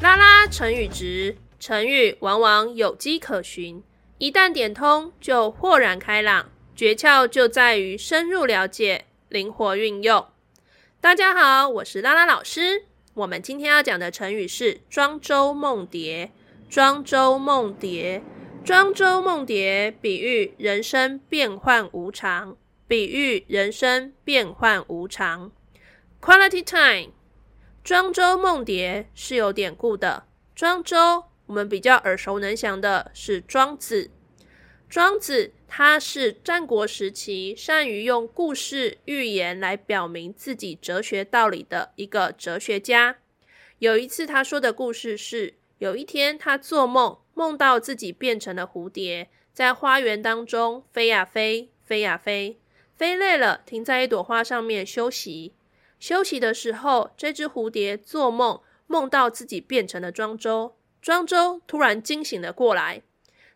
拉拉成語質，成語往往有跡可循，一旦點通就豁然開朗。訣竅就在於深入了解，靈活運用。大家好，我是拉拉老師。我們今天要講的成語是“莊周夢蝶”。莊周夢蝶。莊周夢蝶，比喻人生變幻無常。比喻人生變幻無常。Quality time，莊周夢蝶是有典故的。莊周，我們比較耳熟能詳的是莊子。莊子他是戰國時期善於用故事寓言來表明自己哲學道理的一個哲學家。有一次他說的故事是，有一天，他做夢，夢到自己變成了蝴蝶，在花園當中飛呀飛，飛呀飛，飛累了，停在一朵花上面休息。休息的時候，這只蝴蝶做夢，夢到自己變成了莊周。莊周突然驚醒了過來，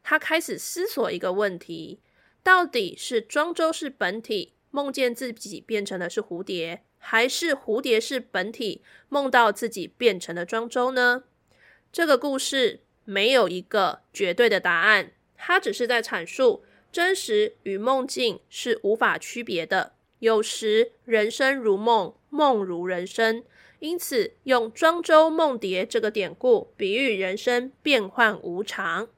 他開始思索一個問題：到底是莊周是本體，夢見自己變成的是蝴蝶，還是蝴蝶是本體，夢到自己變成了莊周呢？這個故事沒有一個絕對的答案，它只是在闡述真實與夢境是無法區別的。有時人生如夢，夢如人生，因此用“莊周夢蝶”這個典故比喻人生變幻無常。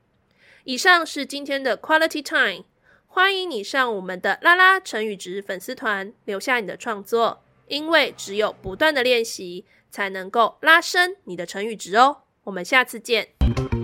以上是今天的 Quality Time，歡迎你上我們的拉拉成語質粉絲團留下你的創作，因為只有不斷的練習才能夠拉升你的成語質哦。我們下次見。